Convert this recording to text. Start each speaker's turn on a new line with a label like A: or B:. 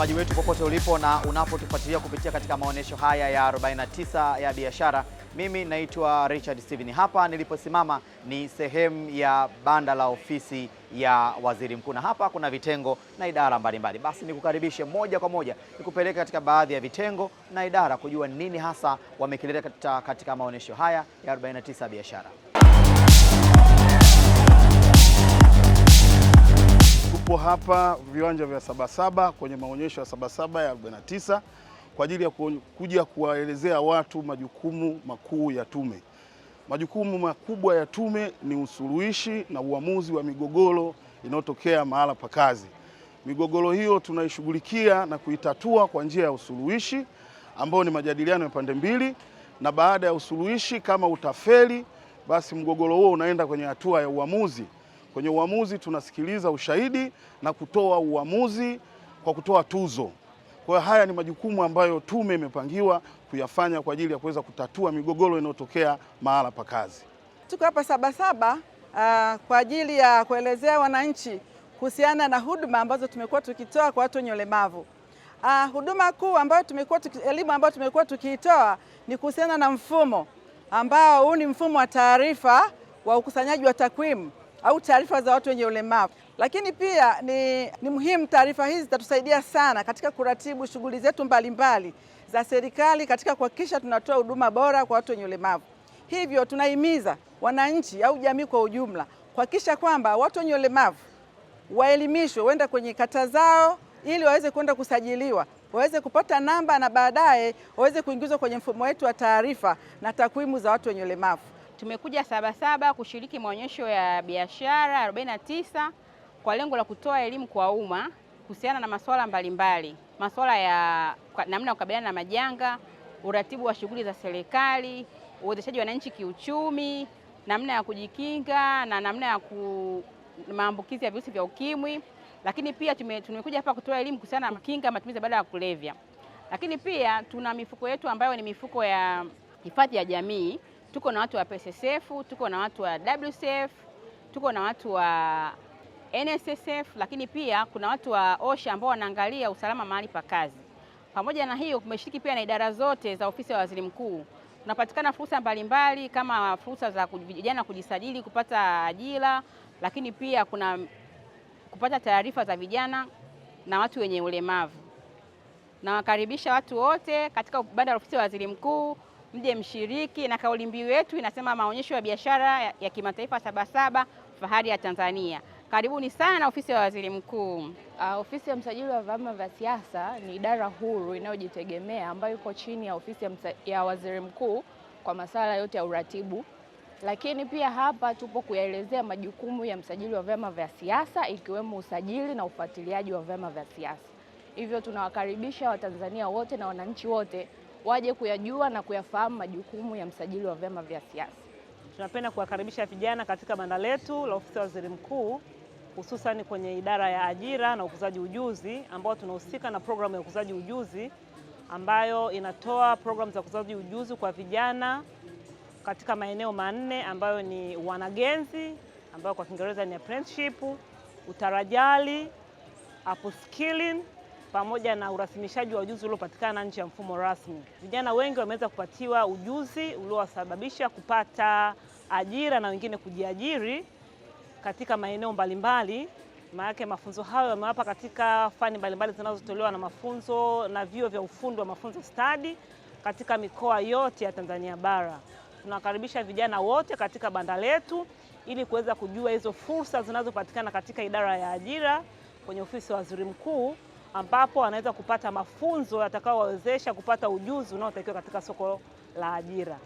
A: mtazamaji wetu popote ulipo na unapotufuatilia kupitia katika maonyesho haya ya 49 ya biashara. Mimi naitwa Richard Steven. Hapa niliposimama ni sehemu ya banda la ofisi ya waziri mkuu, na hapa kuna vitengo na idara mbalimbali. Basi nikukaribishe moja kwa moja, nikupeleke katika baadhi ya vitengo na idara kujua nini hasa wamekileta katika maonyesho haya ya 49 ya biashara.
B: Tupo hapa viwanja vya Sabasaba kwenye maonyesho ya Sabasaba ya 49 kwa ajili ya kuja kuwaelezea watu majukumu makuu ya tume. Majukumu makubwa ya tume ni usuluhishi na uamuzi wa migogoro inayotokea mahala pa kazi. Migogoro hiyo tunaishughulikia na kuitatua kwa njia ya usuluhishi ambayo ni majadiliano ya pande mbili, na baada ya usuluhishi kama utafeli, basi mgogoro huo unaenda kwenye hatua ya uamuzi Kwenye uamuzi tunasikiliza ushahidi na kutoa uamuzi kwa kutoa tuzo. Kwa hiyo haya ni majukumu ambayo tume imepangiwa kuyafanya kwa ajili ya kuweza kutatua migogoro inayotokea mahala pa kazi.
C: Tuko hapa Sabasaba uh, ah, kwa ajili ya kuelezea wananchi kuhusiana na huduma ambazo tumekuwa tukitoa kwa watu wenye ulemavu. Uh, huduma kuu ambayo tumekuwa elimu ambayo tumekuwa tukiitoa ni kuhusiana na mfumo ambao huu ni mfumo wa taarifa wa ukusanyaji wa takwimu au taarifa za watu wenye ulemavu. Lakini pia ni, ni muhimu taarifa hizi zitatusaidia sana katika kuratibu shughuli zetu mbalimbali za serikali katika kuhakikisha tunatoa huduma bora kwa watu wenye ulemavu. Hivyo tunahimiza wananchi au jamii kwa ujumla kuhakikisha kwamba watu wenye ulemavu waelimishwe, waende kwenye kata zao ili waweze kwenda kusajiliwa, waweze kupata namba na baadaye waweze kuingizwa kwenye mfumo wetu wa taarifa na takwimu za watu wenye ulemavu.
D: Tumekuja Sabasaba kushiriki maonyesho ya biashara 49 kwa lengo la kutoa elimu kwa umma kuhusiana na masuala mbalimbali, masuala ya namna ya kukabiliana na majanga, uratibu wa shughuli za serikali, uwezeshaji wa wananchi kiuchumi, namna ya kujikinga na namna ya ku maambukizi ya virusi vya ukimwi, lakini pia tumekuja hapa kutoa elimu kuhusiana na kinga matumizi baada ya kulevya, lakini pia tuna mifuko yetu ambayo ni mifuko ya hifadhi ya jamii tuko na watu wa PSSF, tuko na watu wa WCF, tuko na watu wa NSSF, lakini pia kuna watu wa OSHA ambao wanaangalia usalama mahali pa kazi. Pamoja na hiyo, tumeshiriki pia na idara zote za ofisi ya waziri mkuu. Tunapatikana fursa mbalimbali kama fursa za vijana kujisajili kupata ajira, lakini pia kuna kupata taarifa za vijana na watu wenye ulemavu. Nawakaribisha watu wote katika banda la ofisi ya waziri mkuu mje mshiriki, na kauli mbiu yetu inasema maonyesho ya biashara ya, kimataifa Sabasaba, fahari ya Tanzania. Karibuni sana ofisi ya waziri mkuu.
E: Uh, ofisi ya msajili wa vyama vya siasa ni idara huru inayojitegemea ambayo iko chini ya ofisi ya, ya waziri mkuu kwa masuala yote ya uratibu, lakini pia hapa tupo kuyaelezea majukumu ya msajili wa vyama vya siasa ikiwemo usajili na ufuatiliaji wa vyama vya siasa. Hivyo tunawakaribisha Watanzania wote na wananchi wote waje kuyajua na kuyafahamu majukumu ya msajili wa vyama vya siasa.
F: Tunapenda kuwakaribisha vijana katika banda letu la ofisi ya waziri mkuu, hususan kwenye idara ya ajira na ukuzaji ujuzi, ambao tunahusika na programu ya ukuzaji ujuzi ambayo inatoa programu za ukuzaji ujuzi kwa vijana katika maeneo manne ambayo ni wanagenzi, ambayo kwa Kiingereza ni apprenticeship, utarajali, upskilling pamoja na urasimishaji wa ujuzi uliopatikana nje ya mfumo rasmi. Vijana wengi wameweza kupatiwa ujuzi uliowasababisha kupata ajira na wengine kujiajiri katika maeneo mbalimbali. Maanake mafunzo hayo yamewapa katika fani mbalimbali zinazotolewa na mafunzo na vyuo vya ufundi wa mafunzo stadi katika mikoa yote ya Tanzania bara. Tunawakaribisha vijana wote katika banda letu ili kuweza kujua hizo fursa zinazopatikana katika idara ya ajira kwenye ofisi ya Waziri Mkuu ambapo wanaweza kupata mafunzo yatakayowawezesha kupata ujuzi unaotakiwa katika soko la ajira.